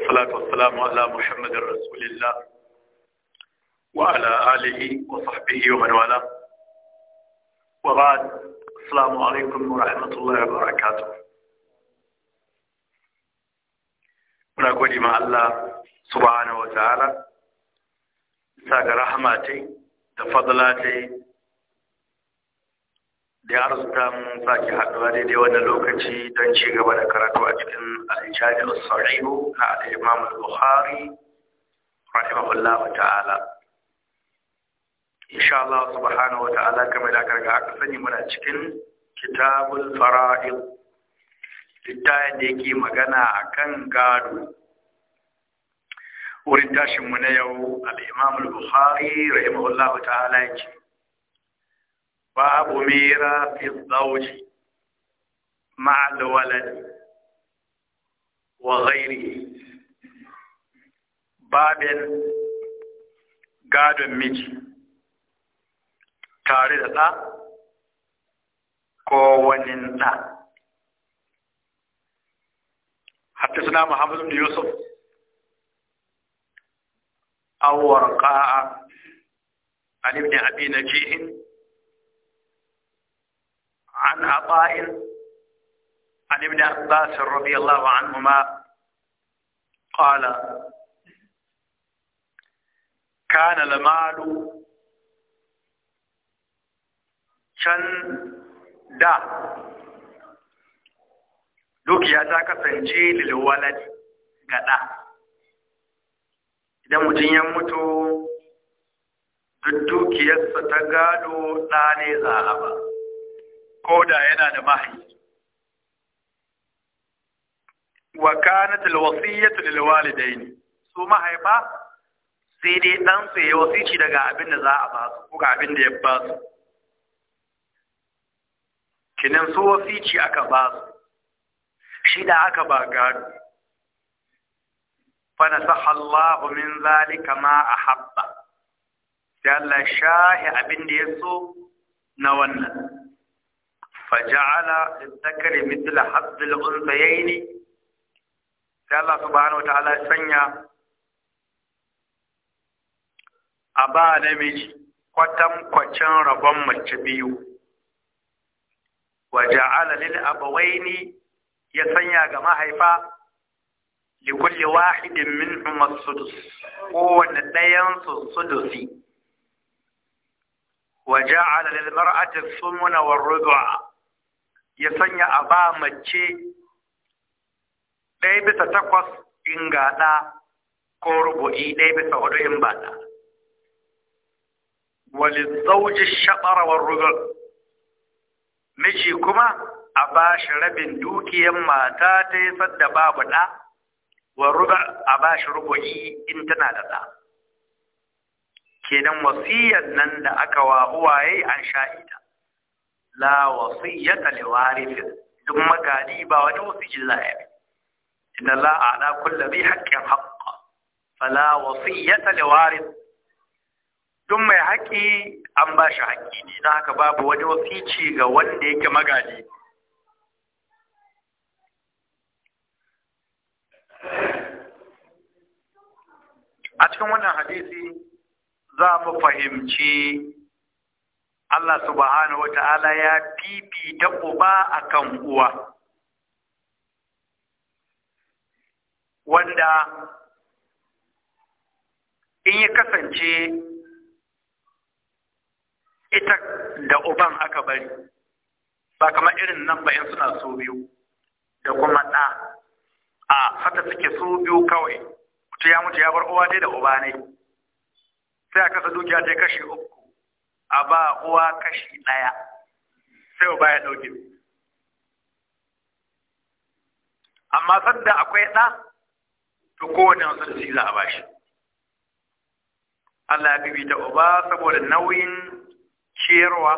والصلاة والسلام على محمد رسول الله وعلى آله وصحبه ومن والاه وبعد السلام عليكم ورحمة الله وبركاته ونقول مع الله سبحانه وتعالى ساق ta'ala تفضلاتي da ya arzuta mun sake haɗuwa daidai wannan lokaci don ci gaba da karatu a cikin al-jami na al-imam al-bukhari rahimahullah ta'ala insha Allah subhanahu wa ta'ala kamar da karga aka sani muna cikin kitabul fara'id littafin da yake magana akan gado wurin tashin mu na yau al-imam al-bukhari rahimahullah ta'ala yake babu mera fi zauji ma'al waladi wa gadon miji tare da ɗa ko wani ɗa حدثنا محمد بن يوسف أو ورقاء عن ابن أبي نجيح عن عطاء عن ابن عباس رضي الله عنهما قال كان المال can da dukiya ta kasance lilwalad ga ɗa idan mutum ya mutu duk dukiyarsa ta gado ɗa ne za a ba ko yana da mahayi wa kanat alwasiyatu lilwalidaini su mahaifa sai dai dan su yi wasici daga abin da za a ba su ko ga abin da ya ba su kinan su wasici aka ba su shi da aka ba gado fa nasaha Allah min zalika ma ahabba sai Allah shahi abin da ya so na wannan faja'ala lizzakari mithla hazzil unsayaini sai Allah subhanahu wataala sanya a ba namiji kwatan kwacin rabon mace biyu wa ja'ala lil abawaini ya sanya ga mahaifa li kulli wahidin minhum as-sudus kowanne ɗayan su sudusi wa ja'ala lil mar'ati thumna war rubu'a ya sanya a ba mace ɗaya bisa takwas in ga ko rubu'i ɗaya bisa hudu in ba ɗa. Wali zauji shaɓarawar rugar, miji kuma a ba shi rabin dukiyar mata ta yi sadda babu ɗa, wa rugar a ba shi rubu'i in tana da ɗa. Kenan wasiyan nan da aka wa uwaye an sha'ida. la wasiyyata li warithin duk hmm. magadi ba wani wasu la ya inda la na kulli bi haqqin haqqa fala wasiyyata li warith duk mai haƙƙi an ba shi haƙƙi ne na haka babu wani wasici ga wanda yake magadi a cikin wannan hadisi za mu fahimci Allah subhanahu wata'ala ya fifita uba kan uwa wanda in ya kasance ita da uban aka bari ba kama irin nan bayan suna so biyu da kuma ɗa a fata suke so biyu kawai mutu ya mutu ya bar uwa dai da uba ne sai a kasa dukiya ta kashe uku a ba uwa kashi ɗaya sai uba ya ɗauke amma sanda akwai ɗa to kowane wasanci za a bashi Allah ya bibita uba saboda nauyin ciyarwa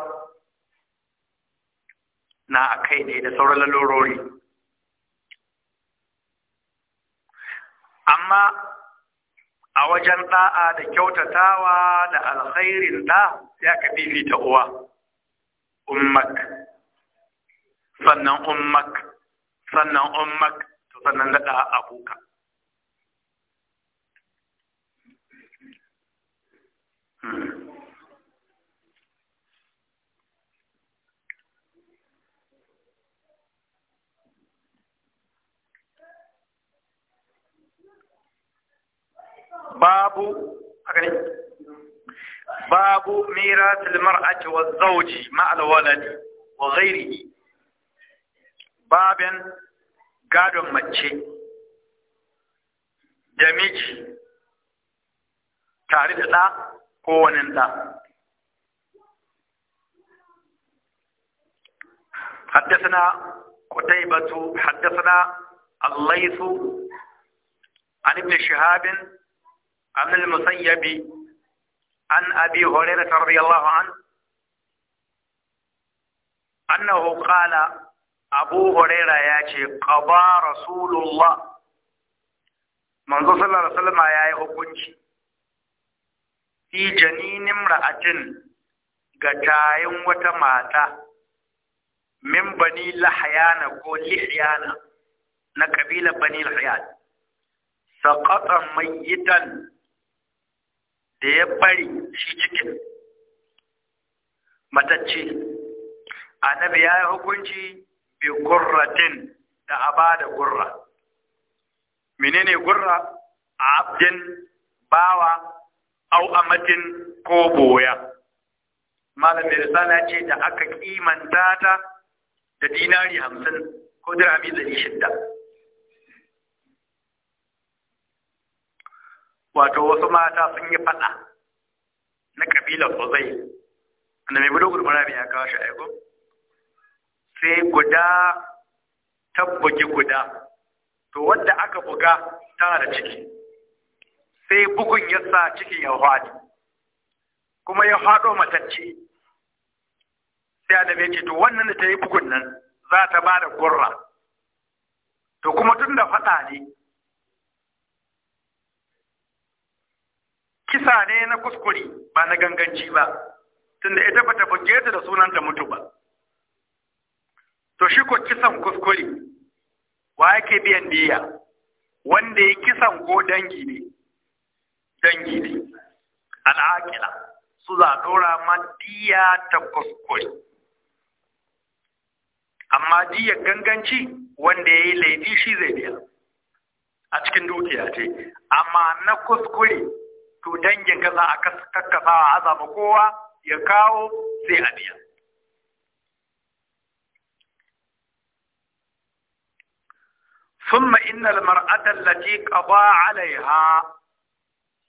na a kai ne da sauran lalurori amma a wajen da'a da kyautatawa da alkhairin da ya ka fifita uwa ummak sannan ummak sannan ummak to sannan da abuka babu babu miratul mar'ati wa zawji ma'al waladi wa ghairihi babin gadon mace da miji tare da ɗa ko حدثنا قتيبة حدثنا الليث عن ابن شهاب عن المسيب عن أبي هريرة رضي الله عنه أنه قال أبو هريرة ياتي قضى رسول الله منذ صلى الله عليه وسلم يا hukunci fi janinin ra'atin ga tayin wata mata min bani lahayana ko lihyana, na kabila bani lahayan saƙaƙa mayitan da ya bari shi cikin matacce annabi ya yi hukunci bi gurratin da a ba da gurra menene gurra a abdin bawa au amatin ko boya malam mai ce da aka kimanta ta da dinari hamsin ko dirhami dari shidda wato wasu mata sun yi faɗa na kabilar Uzai wanda mai budo gurmara ya kawo shi aiko sai guda ta bugi guda to wadda aka buga tana da ciki sai bugun ya sa cikin ya haɗu, kuma ya haɗo matacce sai adam ya ce to wannan da ta yi bugun nan za ta ba da gurra to kuma tun da faɗa ne kisa ne na kuskure ba na ganganci ba tunda ita bata buge ta da sunan ta mutu ba to shi ko kisan kuskure wa yake biyan diya wanda ya kisan ko dangi ne dangi ne al'aqila su za dora ma diya ta kuskure amma diya ganganci wanda ya yi laifi shi zai biya a cikin dukiya ce amma na kuskure to dangin ka za a kakkasa a azaba kowa ya kawo sai a biya ثم إن mar'atan lati قضى عليها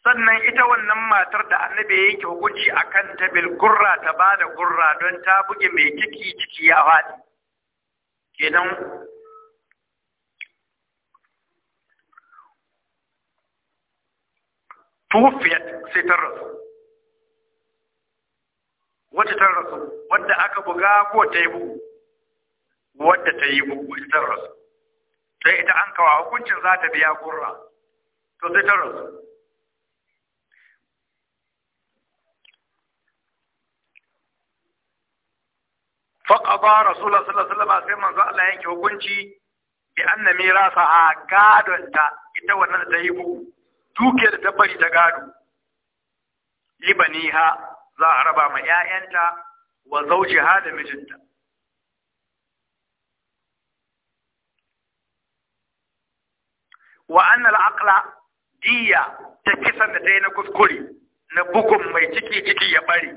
sannan ita wannan matar da annabi ya yake hukunci a kan bil gurra ta ba da gurra don ta buge mai ciki ciki ya faɗi kenan Tufiyat sai ta rasu wacce ta rasu wadda aka buga ko ta yi bugu wanda ta yi bugu ita ta rasu sai ita an kawa hukuncin za ta biya gurra to sai ta rasu faƙaba rasulullah sallallahu alaihi wasallam sai manzo Allah yake hukunci bi anna mirasaha gadonta ita wannan ta yi bugu dukiyar ta bari ta gado libaniha za a raba ma 'ya'yanta wa ha da mijinta wa annal aqla diya ta kisan da ta yi na kuskure na bugun mai ciki ciki ya bari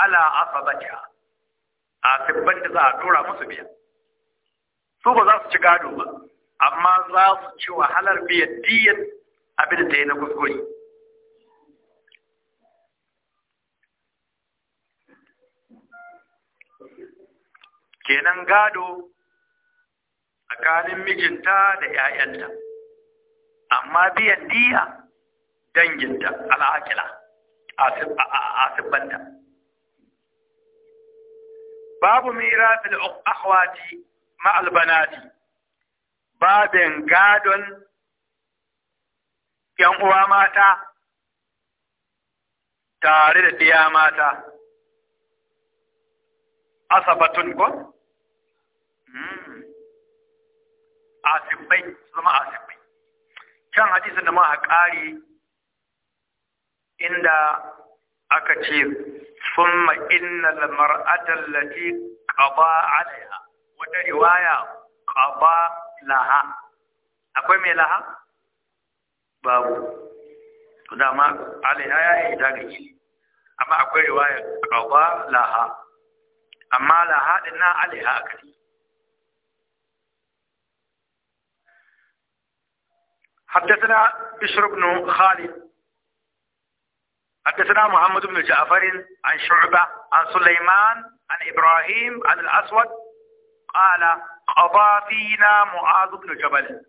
ala asabata a sibban da za a dora musu biya su ba za su ci gado ba amma za su ci wahalar biyan diyar abin da ya na kuskure kenan gado tsakanin mijinta da 'ya'yanta amma biyan diya danginta al'akila a sibbanta babu mira fil’akwati ma’albanati, babin gadon ‘yan uwa mata tare da ɗiya mata, asabatun ko? Hmm. Asibai, zama asibai. Can hadisin da ma a ƙari inda aka ce, sun ma'inna lamar lati ƙaba alaiha, wata riwaya ƙaba laha. Akwai mai laha? babu dama alaiha ya yi ta amma akwai riwayar qada laha amma laha din na alaiha حدثنا بشر بن خالد حدثنا محمد بن جعفر عن شعبة عن سليمان عن إبراهيم عن الأسود قال قضى فينا معاذ بن جبل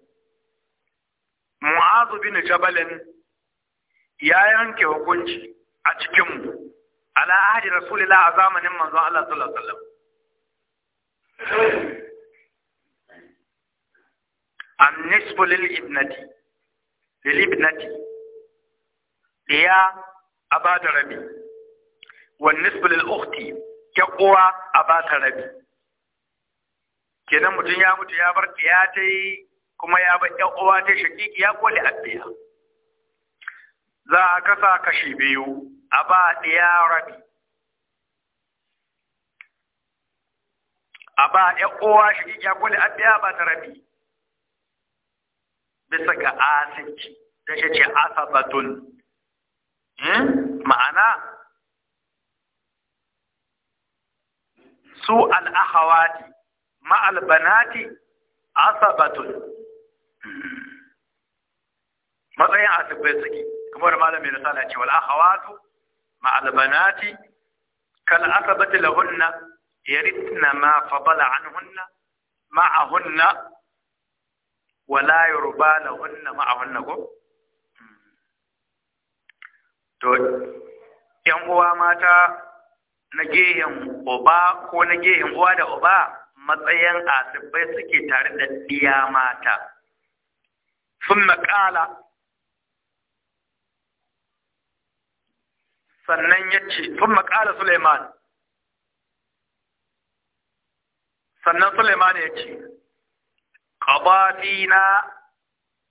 mu'azu bin jabalin ya yanke hukunci a cikin mu ala ahdi rasulillah a zamanin manzon Allah sallallahu alaihi wasallam an nisbu lil ibnati lil ibnati ya abada rabi wa nisbu lil ukhti ya uwa abata rabi kenan mutum ya mutu ya bar ya ta yi kuma ya ba ƴan uwa ta shakikiya ko li'abbiya za a kasa kashi biyu a ba ɗaya rabi a ba ƴan uwa shakikiya ko li'abbiya ba ta rabi bisa ga asinci da shi ce asabatun hmm? ma'ana su al'ahawati ma'albanati asabatun matsayin asibai suke kamar malam mai risala ce wal akhawatu ma albanati kal asabati lahunna yaritna ma fadala anhunna ahunna wala yurba lahunna ahunna ko to yan uwa mata na gehen uba ko na gehen uwa da uba matsayin asibai suke tare da diya mata ثم قال sannan ya ce sun makala Suleiman sannan Suleiman ya ce ƙabafina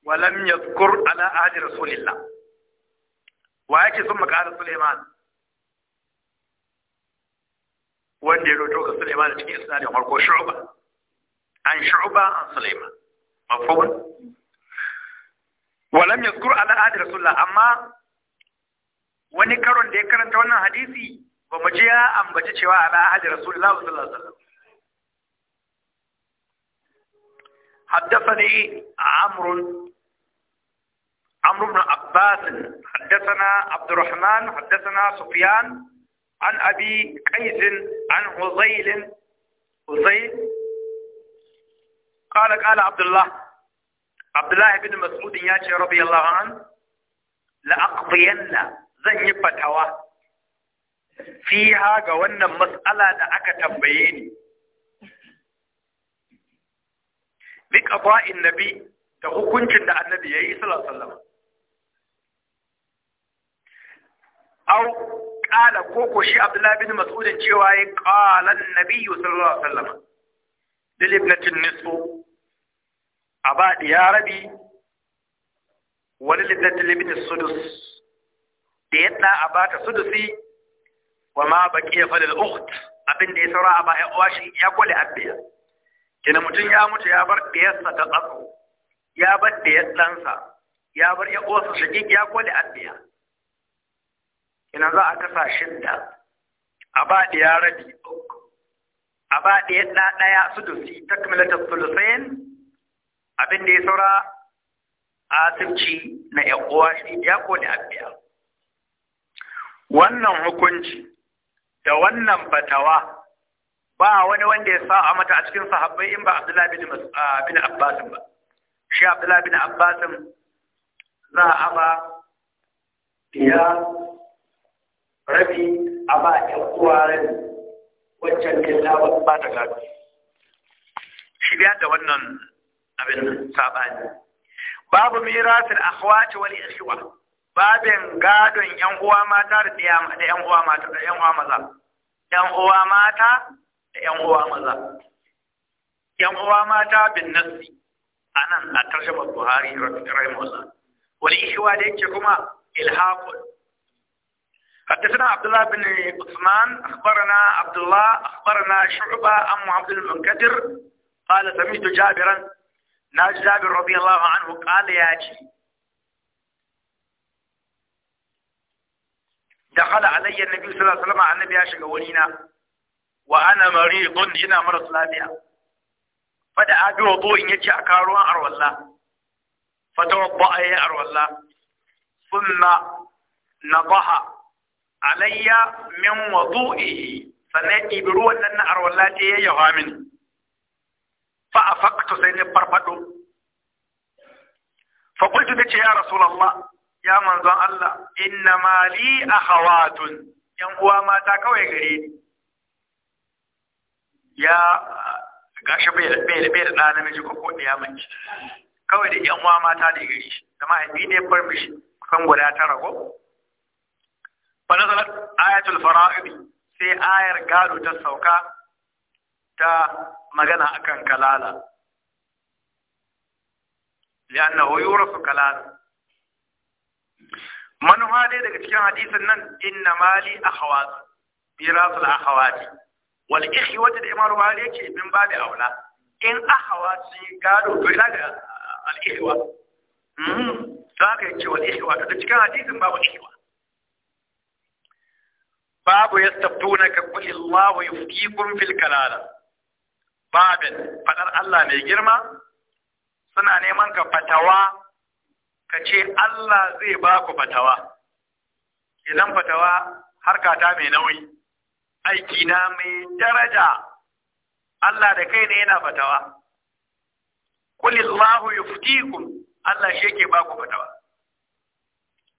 walam ya zukur ala ahadi rasulillah wa yake sun makala Suleiman wanda ya roto ga Suleiman cikin isnadin farko shu'ba an shu'ba an Suleiman mafi wani. walam yazkur ala ahdi rasulullah amma wani karon da ya karanta wannan hadisi ba mu ji ya ambaci cewa ala ahdi rasulullah sallallahu alaihi wasallam حدثني عمرو عمرو بن عباس حدثنا عبد الرحمن حدثنا سفيان عن أبي قيس عن هزيل هزيل قال قال عبد الله عبد الله بن مسعود يا ربي الله عنه لأقضين زن يبتوا فيها جوانا مسألة دا أكا تنبيين بك أضاء النبي تقول كنت عند النبي صلى الله عليه وسلم أو قال كوكو شي عبد الله بن مسعود جواي قال النبي صلى الله عليه وسلم للابنة النسو a ba ɗiya rabi wani littattun limitin sudus da yadda a ba ta sudusi wa ma baki ya falil uht abin da ya saura a ba ya uwashi ya kwale abbiya kina mutum ya mutu ya bar ɗiyarsa ta tsatso ya bar ɗiyar ɗansa ya bar ya uwarsa shigig ya kwale abbiya kina za a kasa shidda a ba ya rabi uku a ba ɗaya ɗaya sudusi ta sulusain abin da ya saura asibci na uwa shi ya koli abiya wannan hukunci da wannan fatawa ba wani wanda ya sa a mata a cikin sahabbai in ba abdullahi bin ah, abbasin ba shi abdullahi bin abbasin za a ba ya rabi a ba a rabi waccan killa ba ta gado shi da wannan abin nan sabani babu mirasul akhwati wal ikhwa babin gadon yan uwa mata da da yan uwa mata da yan uwa maza yan uwa mata da yan uwa maza yan uwa mata bin nasi anan a tarjama Buhari rahimahullah wal ikhwa da yake kuma ilhaqul حدثنا عبد الله بن عثمان أخبرنا عبد الله أخبرنا شعبة أم عبد المنكدر قال سمعت جابرا na ji jabir radiyallahu anhu qala ya ce dakhala alayya annabi sallallahu alaihi wasallam annabi ya shiga wuri na wa ana maridun ina maras lafiya fa da abi wabo in yace a karo an arwalla fa tawadda ay arwalla thumma nadaha alayya min wudu'ihi sannan ibru wannan arwalla ta yayyawa mini fa afaqtu sai ne farfado fa qultu ce ya rasulullah ya manzon Allah inna ma li akhawatun yan uwa mata kawai gari ne.» ya gashi bai da bai da bai da ɗan namiji ko ko ɗaya mace kawai da yan uwa mata da gare shi da mahaifi ne farmishi kusan guda tara ko fa nazalat ayatul fara'id sai ayar gado ta sauka ta magana akan kalala li'annahu yurasu kalala manufa dai daga cikin hadisin nan inna mali akhawat mirasul akhawati wal wata da imam Bukhari yake bin ba da aula in akhawat sun gado to ina ga al ikhwa za hmm, ka yace wal ikhwa Daga cikin hadisin babu ikhwa babu kulli Allah wa yuftikum fil kalala Babel faɗar Allah mai girma suna neman ka fatawa ka ce Allah zai ba ku fatawa idan fatawa harka ta mai nauyi aiki na mai daraja Allah da kai ne yana fatawa kulillahu yuftikum Allah shi yake ba ku fatawa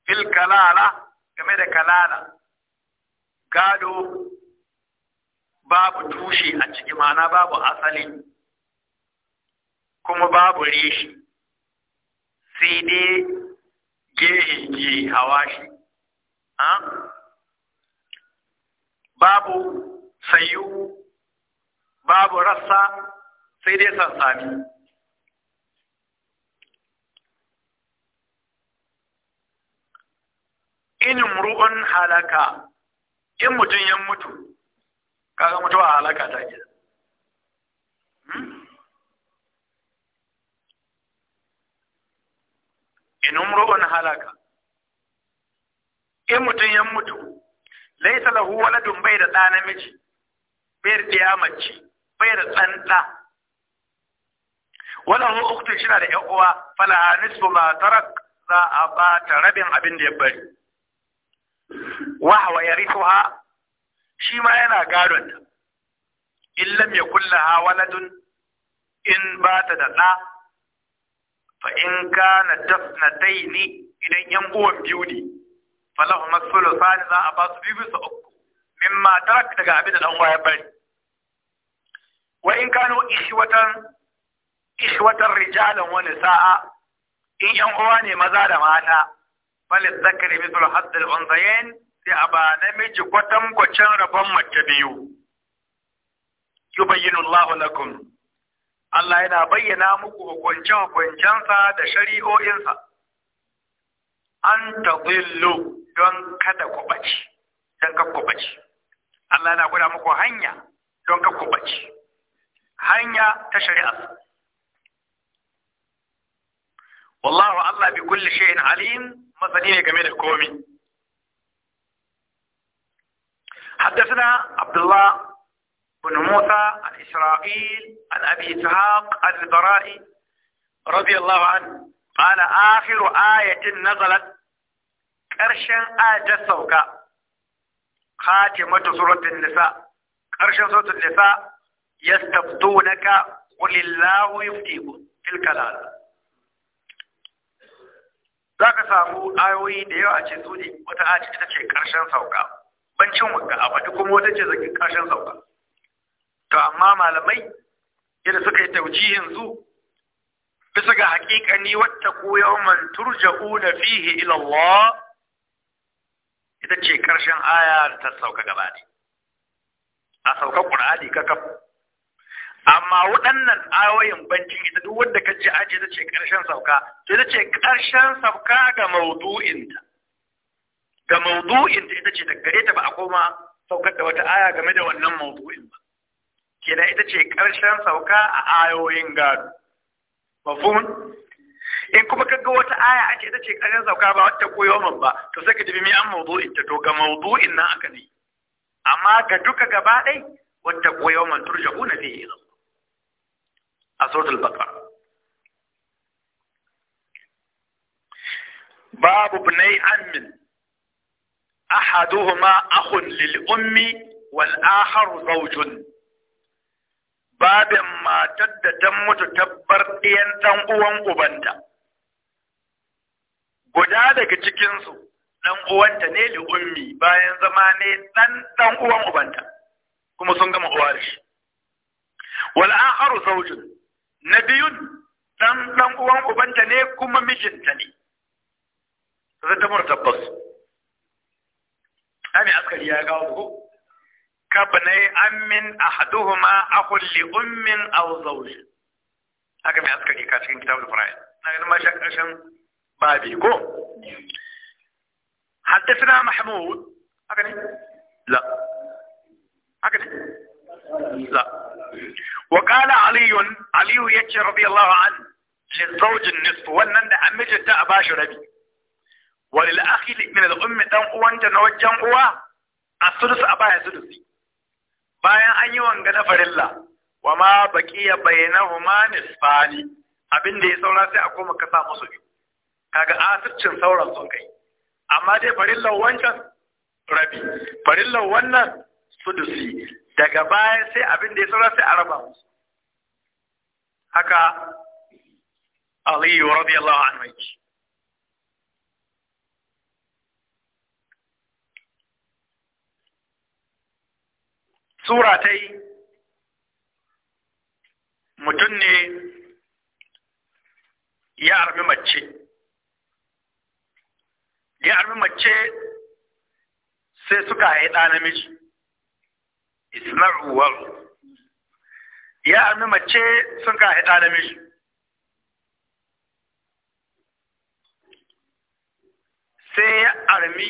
fil kalala game da kalala gado babu tushe a ciki ma'ana babu asali kuma babu reshi sai dai gehe ke hawa shi babu sayu babu rassa sai dai sansani in mru'un halaka in mutum ya mutu kaga mutuwa a halaka ta ke hmm? in umru'un halaka in mutum ya mutu laisa lahu waladun bai da ɗa namiji bai da ɗiya mace bai da ɗan ɗa walahu uktun shi na da ƴan uwa fala nisfu ma tarak za a ta rabin abin da ya bari wa hawa yarithuha shi ma yana gadon ta in lam yakul laha waladun in ba ta da ɗa fa in kana tasnataini idan yan uwan biyu ne falahu masulu sani za a ba su biyu bisa uku mimma tarak daga abin da dan uwa ya bari wa in kano ishwatan ishwatan rijalan wani sa'a in yan uwa ne maza da mata falis zakari mithlu hadd al-unsayain sai a ba namiji kwatankwacin rabon mace biyu yubayyinu Allah lakum Allah yana bayyana muku hukunce-hukuncensa da shari'o'insa an tadillu don kada ku bace don ka ku bace Allah yana gwada muku hanya don ka ku bace hanya ta shari'a wallahu Allah bi kulli shay'in alim masani ne game da komai حدثنا عبد الله بن موسى عن إسرائيل عن أبي إسحاق عن البراء رضي الله عنه قال آخر آية نزلت ƙarshen ayat sauka khatimatu suratul nisa ƙarshen suratul nisa yastabtunaka qul illahu yuftiku fil kalal samu ayoyi da yawa a ce su ne wata ayat ita ce ƙarshen sauka bancin wanka a faɗi kuma wata ce zaki kashin sauka to amma malamai yadda suka yi taujihin yanzu. bisa ga ni wata man turja una fihi ila Allah ita ce ƙarshen aya ta sauka gaba ne a sauka ƙur'ani kakaf amma waɗannan ayoyin bancin ita duk wanda ka ji aji ce ƙarshen sauka to ita ce ƙarshen sauka ga maudu'inta ga mawdu'in da ita ce da gare ta ba a koma saukar da wata aya game da wannan mawdu'in ba kenan ita ce ƙarshen sauka a ayoyin gado mafhum in kuma ka ga wata aya ake ita ce ƙarshen sauka ba wata koyomin ba to sai ka ji mi an mawdu'in ta to ga mawdu'in nan aka ne amma ga duka gaba ɗai wata koyomin turja'una fihi ila a suratul baka. babu bunai amin أحدهما أخ للأم والآخر زوج باب ما babin matar da ta mutu tabbar ɗiyan ɗan uwan ubanta guda daga cikinsu ɗan uwanta ne li ummi bayan zama ne ɗan ɗan uwan ubanta kuma sun gama uwa shi wal ɗan ɗan uwan ubanta ne kuma mijinta ne zai ta tabbas. أمي أسكر يا قاضي كابني أم أحدهما أخ لأم أو زوج أكمل أمي أسكر كاتشين كتاب الفرائض نحن ما شكرشن بابي كو حدثنا محمود أكني لا أكني لا وقال علي علي يتشي رضي الله عنه للزوج النصف ولن أمجد أباش ربي وللأخي من الأم wancan na wajen uwa a sudusu a baya sudusi bayan an yi wanga na farilla wa ma baqiya bainahuma nisfani abin da ya saura sai a koma ka sa musu biyu kaga asircin sauran sun kai amma dai farillar wancan rabi farillar wannan sudusi daga baya sai abin da ya saura sai a raba musu haka aliyu radiyallahu anhu yake sura ta yi mutum ne ya armi mace ya armi mace sai suka haifi ɗa namiji isma'u Uwar. ya armi mace sun ka haifi ɗa namiji sai ya armi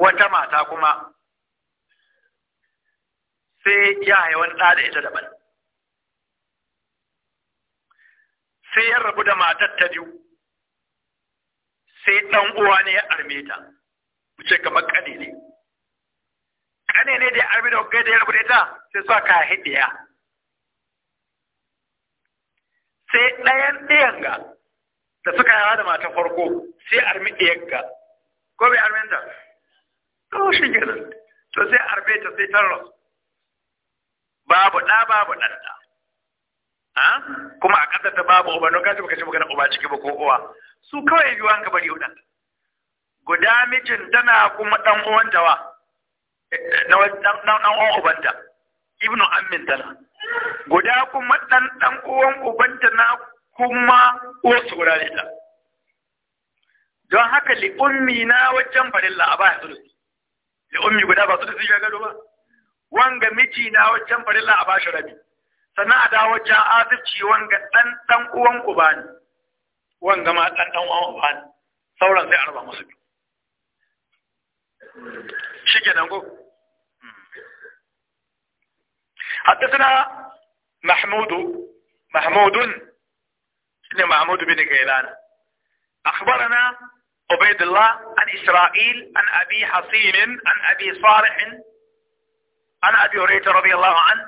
wata mata kuma sai ya haiwan ɗa da ita daban sai ya rabu da matar ta biyu sai ɗan uwa ne ya arme ta wuce kamar ƙane ne ƙane ne da ya arme da kai da ya rabu da ita sai sa ka hidiya sai ɗayan ɗayan ga da suka yawa da matar farko sai armi ɗayan ga ko bai arme ta to shi gina to sai arme ta sai ta rasu babu ɗa babu ɗan Ha? kuma a ƙasar ta babu uba don kaji baka ci magana uba ciki ba ko uwa su kawai biyu an bari udan guda mijin tana kuma ɗan uwan tawa ɗan uwan uban ta. ibnu ammin tana guda kuma ɗan ɗan uwan ta na kuma uwarsu guda ta don haka li ummi na wajen farilla a baya sulusi li ummi guda ba sulusi ya gado ba wanga miji na wajen farilla a bashi rabi sana a dawo wajen azirci wanga ɗan ɗan uwan uba ne wanga ma ɗan ɗan uwan uba ne sauran zai arba musu biyu shi kenan ko حدثنا محمود محمود بن محمود بن كيلان أخبرنا عبيد الله عن إسرائيل عن أبي حصين عن أبي صالح an abi hurairah radiyallahu an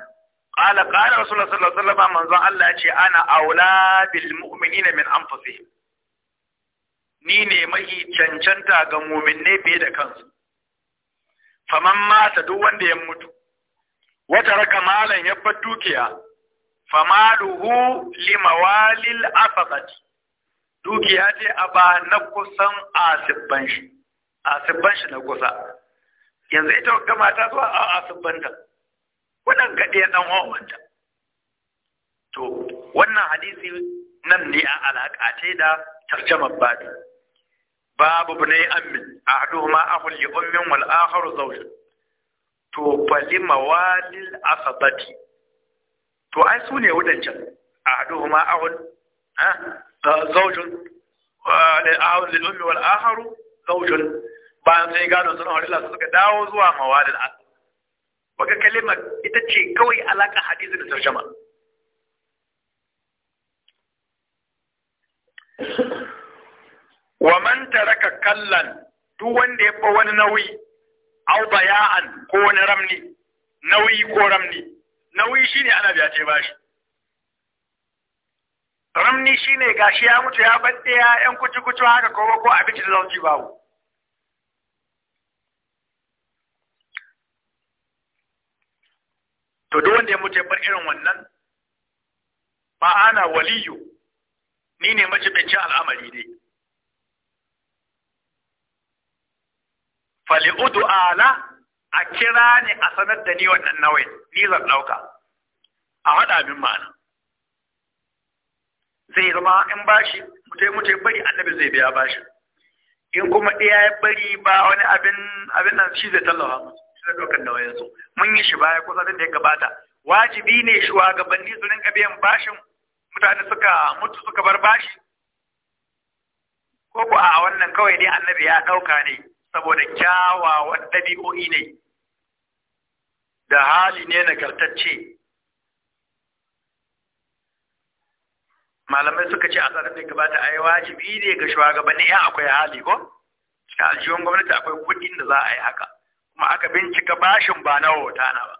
qala qala rasulullah sallallahu alaihi wasallam manzon Allah ya ce ana aula bil mu'minina min anfusihim ni ne mahi cancanta ga mu'minne fiye da kansu faman mata duk wanda ya mutu wata raka malan ya bar dukiya famaluhu limawalil afaqati dukiya ce a ba na kusan asibban shi asibban shi na kusa yanzu ita ga mata zuwa a a sun banda wannan ga ya ɗan uwan to wannan hadisi nan ne a alaƙa ce da tarjamar babu babu a ammin ma ahul li ummin wal akharu zawjun to fali mawalil asabati to ai su ne wadancan ahaduhuma akhul ha zawjun lil eh, ahul lil ummi wal akharu zawjun bayan sai gado suna harila su suka dawo zuwa mawalil asl baka kalimar ita ce kawai alaka hadisi da tarjama wa man taraka kallan duk wanda ya wani nauyi au bayan ko wani ramni nauyi ko ramni nauyi shine ana biya ce bashi ramni shine gashi ya mutu ya bar ya yan kucu kucu haka ko ko abinci da ji babu to duk wanda ya mutu ya bar irin wannan ba ana waliyu ni ne majibincin al'amari ne fali'udu ala a kira ni a sanar da ni wannan nawai ni zan ɗauka a haɗa min ma'ana zai zama in bashi mutu ya bari annabi zai biya bashi in kuma ɗaya ya bari ba wani abin abin nan shi zai tallafa musu suna ɗaukar nauyinsu mun yi shi baya kusa da ya gabata wajibi ne shugabanni su rinka biyan bashin mutane suka mutu suka bar bashi ko ko a wannan kawai ne annabi ya ɗauka ne saboda kyawawan ɗabi'o'i ne da hali ne nagartacce malamai suka ce a tsarin da gabata a yi wajibi ne ga shugabanni ya akwai hali ko cikin aljihun gwamnati akwai kuɗin da za a yi haka kuma aka bincika bashin ba na wauta na ba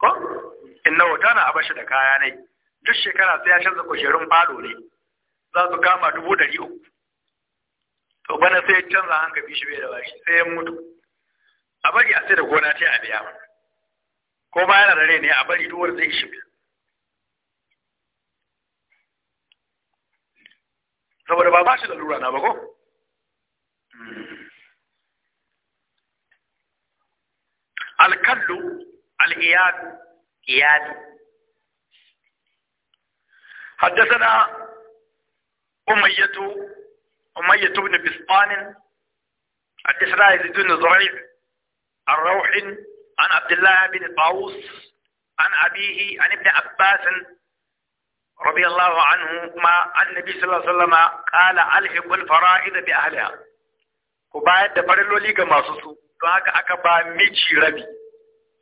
ko in na wauta na a bashi da kaya ne duk shekara sai ya canza kujerun falo ne za su kama dubu ɗari uku to bana sai ya canza hankali shi bai da bashi sai ya mutu a bari a sai da gona ce a biya ko ba yana da rai ne a bari duwar zai shiga. saboda ba ba shi da lura na ba ko hmm. alkallu al’iyad iyali haddasana umayyatu umayyatu ibn bisbanin haddasana yazidun zuraif arrauhin an abdullahi bin taus an abihi an ibn abbasin رضي الله عنه ما النبي صلى الله عليه وسلم قال الحق الفرائض باهلها وبعد تفرلوا لي كما سوسو to haka aka ba miji rabi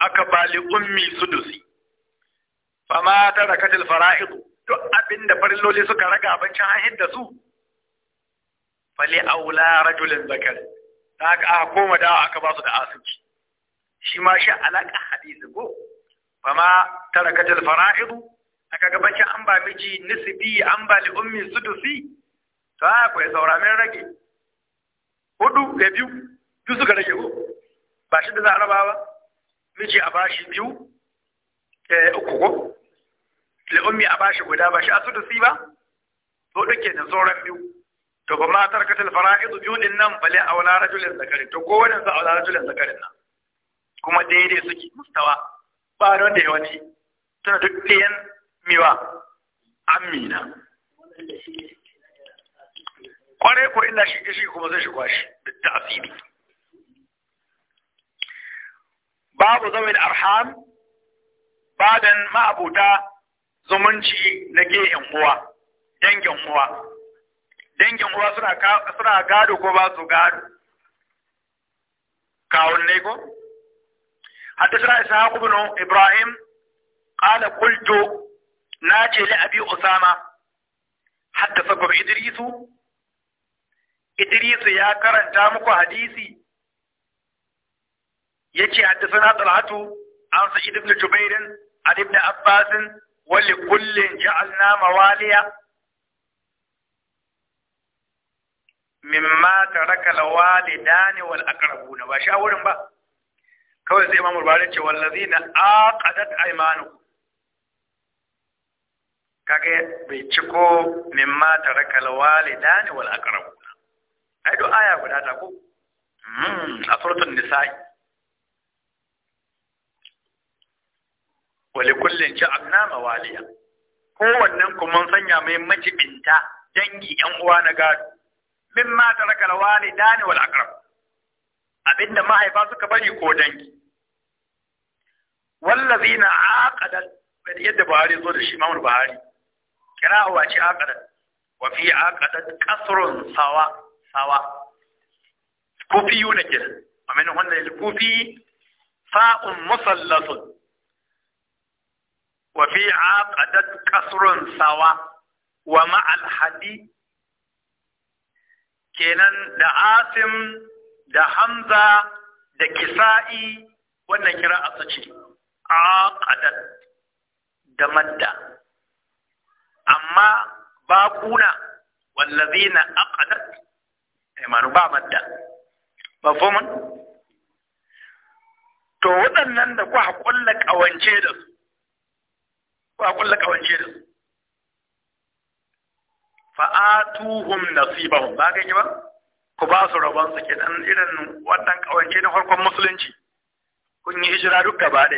aka ba li ummi sudusi fama tarakatil fara'id to abinda farilloli suka raga abincin an da su fali aula rajulin zakar haka aka koma da aka ba su da asiki shi ma shi alaka hadisi go fama tarakatil fara'id aka cin an ba miji nisbi an ba li ummi sudusi to akwai sauramin rage hudu da biyu duk suka rage ku. ba shi da za a raba ba miji a bashi biyu eh uku ko da ummi a bashi guda ba shi asu da si ba to duke da sauran biyu to ba ma tarkatul fara'id biyu din nan bale a wala rajulin zakari to ko wannan za a wala rajulin zakarin nan kuma daidai suke mustawa ba don da yawanci tana duk ɗayan miwa amina kwarai ko ina shi kishi kuma zai shi kwashi da asiri babu zawil arham badan ma'abuta zumunci na ke yan uwa dangin uwa dangin uwa suna suna gado ko ba su gado kawun ne ko حدثنا إسحاق بن إبراهيم قال قلت ناجي لأبي أسامة حدثكم إدريس إدريس يا كرن muku حديثي yace haddathana talhatu an sa'id ibn jubair an ibn abbas wa li kullin ja'alna mawaliya mimma taraka alwalidani wal aqrabuna ba sha wurin ba kawai sai imamul bari ce na a aqadat aymanukum kage bai ciko mimma taraka a wal Na ai do aya guda ta ko a suratul nisa'i wali kullum ci amna mawaliya kowannen ku mun sanya mai majibinta dangi yan uwa na gado min ma taraka alwalidani wal aqrab abinda mahaifa suka bari ko dangi wallazina aqadat yadda Buhari zo da shi Imam Buhari kira wa ci aqadal wa fi aqadat qasrun sawa sawa kufi yuna kira ومن wannan kufi fa'un musallatun wa fi aqadat qasrun sawa wa ma'al hadi kenan da asim da hamza da kisa'i wannan kira a ce aqadat da madda amma baquna wallazina aqadat imanu ba madda to waɗannan da ku haƙulla ƙawance da su ko a kulla da ba ganye ba ku ba su rabon su nan irin waɗannan ƙawance na farkon musulunci kun yi hijira duk gaba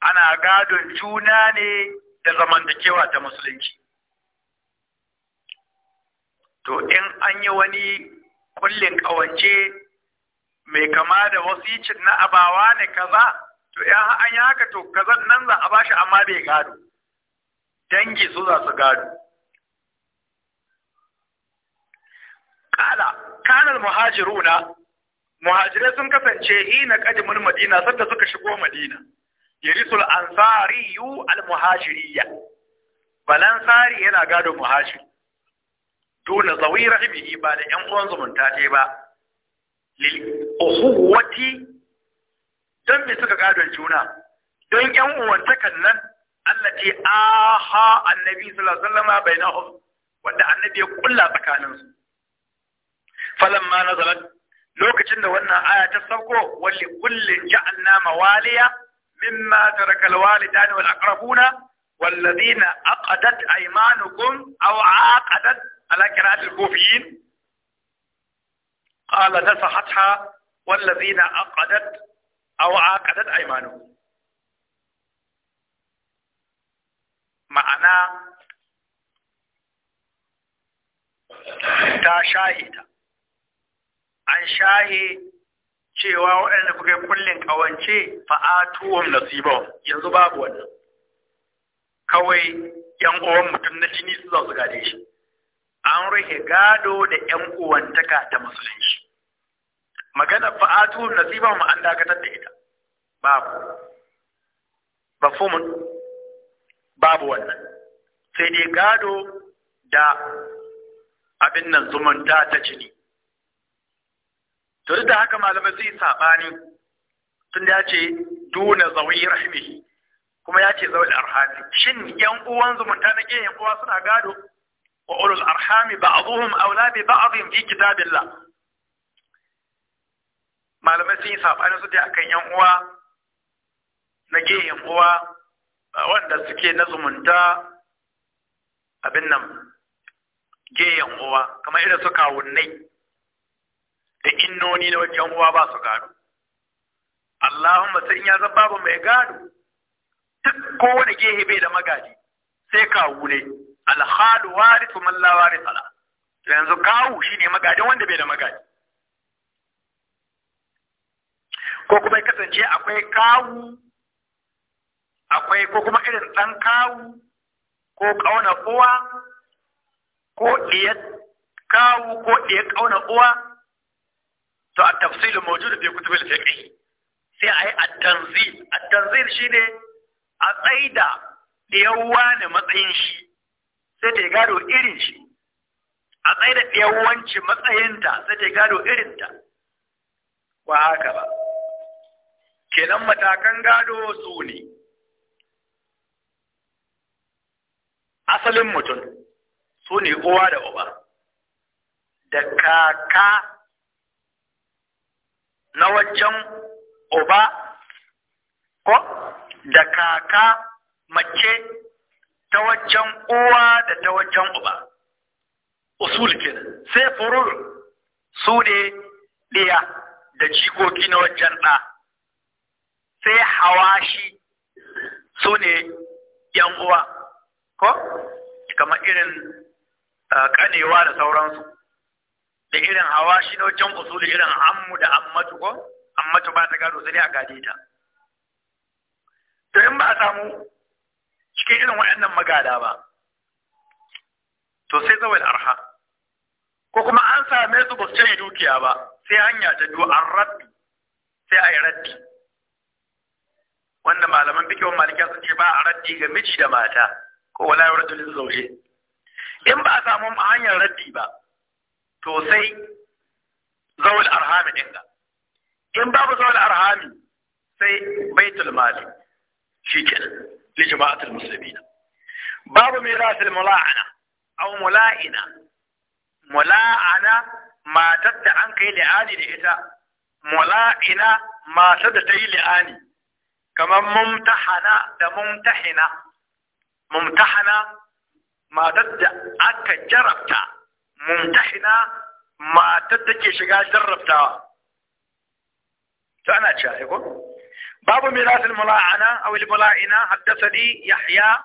ana gadon juna ne da zamantakewa ta musulunci to in an yi wani kullin kawance mai kama da wasicin na abawa ne kaza to ya an yi haka to kazan nan za a bashi amma bai gado dangi su za su gado kala kanal muhajiruna muhajirai sun kasance hina qadimun madina sanda suka shigo madina yarisul yu al muhajiriyya balansari yana gado muhajiri dole zawira ibi ba da yan uwan zumunta ba lil ukhuwati dan me suka gadon juna dan yan kallan Allah ce aha annabi sallallahu alaihi wasallam bainahum wanda annabi ya kulla tsakanin su falamma nazalat lokacin da wannan aya ta sauko walli kullin ja'alna mawaliya mimma taraka alwalidani wal aqrabuna والذين عقدت أيمانكم أو عقدت على قراءة الكوفيين قال نصحتها والذين عقدت aw aqadat aymanuhu ma'ana ta shahe ta an shahe cewa waɗanda kuka kullin ƙawance fa'atuwar nasibon yanzu babu wannan kawai ‘yan uwan mutum na jini su za su gade shi an rufe gado da ‘yan uwantaka ta musulunci magana fa'atu nasibahum an dakatar da ita babu mafhumun babu wannan sai dai gado da abin nan zumunta ta cini. to duk da haka malamai sun yi saɓani tun da ya ce duna zawi rahimihi kuma ya ce zawil arhami shin yan uwan zumunta na yan uwa suna gado wa ulul arhami ba'dhum awla bi ba'dhin fi kitabillah malamai sun yi saɓani su dai akan yan uwa na gehen uwa wanda suke na zumunta abin nan gehen uwa kamar irin su kawunnai da innoni na wajen uwa ba su gado Allahumma sai in ya zan babu mai gado duk kowane gehe bai da magaji sai kawu ne alhalu warithu man la warithla yanzu kawu shine magadin wanda bai da magaji ko kuma ya kasance akwai kawu akwai ko kuma irin ɗan kawu ko ƙauna uwa ko ɗiyar kawu ko ɗiyar ƙauna uwa to a tafsilin mawjudu fi kutubul fiqh sai a yi at-tanzil at-tanzil shine a tsaida ɗiyar wani matsayin shi sai ta gado irin shi a tsaida ɗiyar wanci matsayinta sai ta gado irinta wa haka ba kenan matakan gado su ne asalin mutum su ne uwa da uba da kaka na wajen uba ko da kaka mace ta wajen uwa da ta wajen uba usul kenan sai furur su ne ɗaya da jikoki na wajen ɗa sai hawashi su ne yan uwa ko kamar irin kanewa da sauransu da irin hawashi na wajen usuli irin ammu da ammatu ko ammatu ba ta gado sai a gade ta to in ba a samu cikin irin waɗannan magada ba to sai zawai arha ko kuma an same su ba su canye dukiya ba sai hanya ta biyu an rabbi sai a yi raddi wanda malaman bikin malikiya sun ce ba a raddi ga miji da mata ko wala ya raddi zauje in ba a samu hanyar raddi ba to sai zawul arhami dinga in babu zawul arhami sai baitul mali shikenan li jama'atul muslimin babu mirasul mula'ana aw mula'ina mula'ana matar da an kai li'ani da ita mula'ina matar da ta yi li'ani كما ممتحنة ده ممتحنة mumtahana ما da aka جربتا mumtahina ما da ke جربتا jarrabtawa أتشاهده باب ميراث الملاعنة أو حدث حدثني يحيى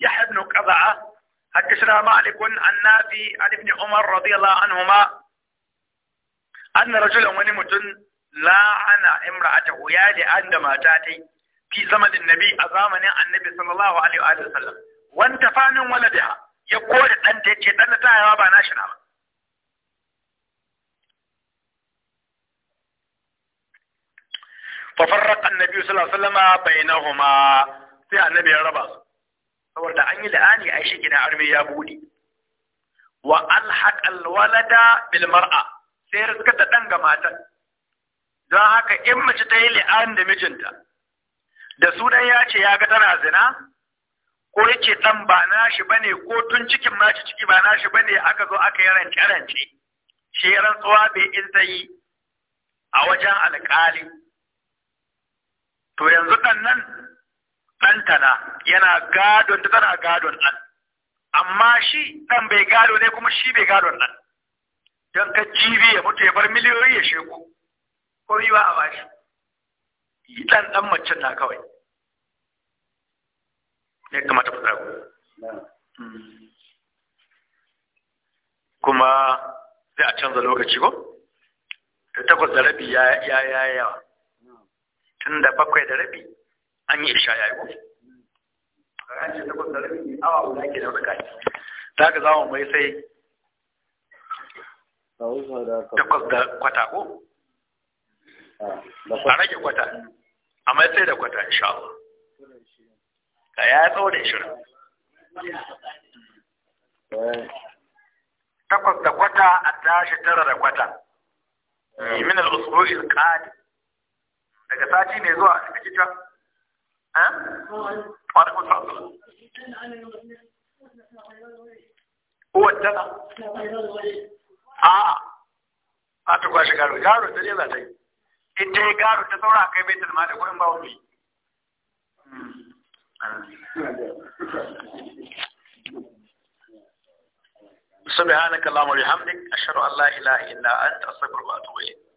يحيى بن قضعة حدثنا مالك عن نافي عن ابن عمر رضي الله عنهما أن رجلا متن لاعن امرأته يا لأن ما تاتي في زمن النبي أزامن النبي صلى الله عليه وآله وسلم وانت فان ولدها يقول أنت يجد أن تاها ناشنا ففرق النبي صلى الله عليه وسلم بينهما في النبي ربا فورد an yi la'ani a shi gina arme ya bude wa alhaq alwalada bil mar'a sai rizka da dan ga da sunan ya ce ya ga tana zina ko ya ce ɗan ba nashi bane ko tun cikin shi ciki ba nashi bane aka zo aka yi rance rance shi rantsuwa bai ta yi a wajen alƙali to yanzu ɗan nan ɗan tana yana gadon ta tana gadon ɗan amma shi ɗan bai gado ne kuma shi bai gadon ɗan don ka jibi ya mutu ya bar miliyoyi ya sheku ko yi ba a bashi dan dan macen na kawai ya kamata ku zago kuma sai a canza lokaci ko da takwas da rabi ya ya ya yawa tun da bakwai da rabi an yi isha ya yi ko za ka zama mai sai takwas da kwata ko ah, a rage kwata hmm. amma sai da kwata insha Allah ka ya tsawo da ishirin takwas da kwata a tashi tara da kwata min al-usbu'i al qadim daga sati ne zuwa a cikin ha ƙwarƙun sa'adu uwar tana a a ta kwashi garo garo da ne za ta yi ita ya gado ta saura kai bai talma da kuɗin ba wani سبحانك اللهم وبحمدك أشهد أن لا إله إلا أنت أستغفرك وأتوب إليك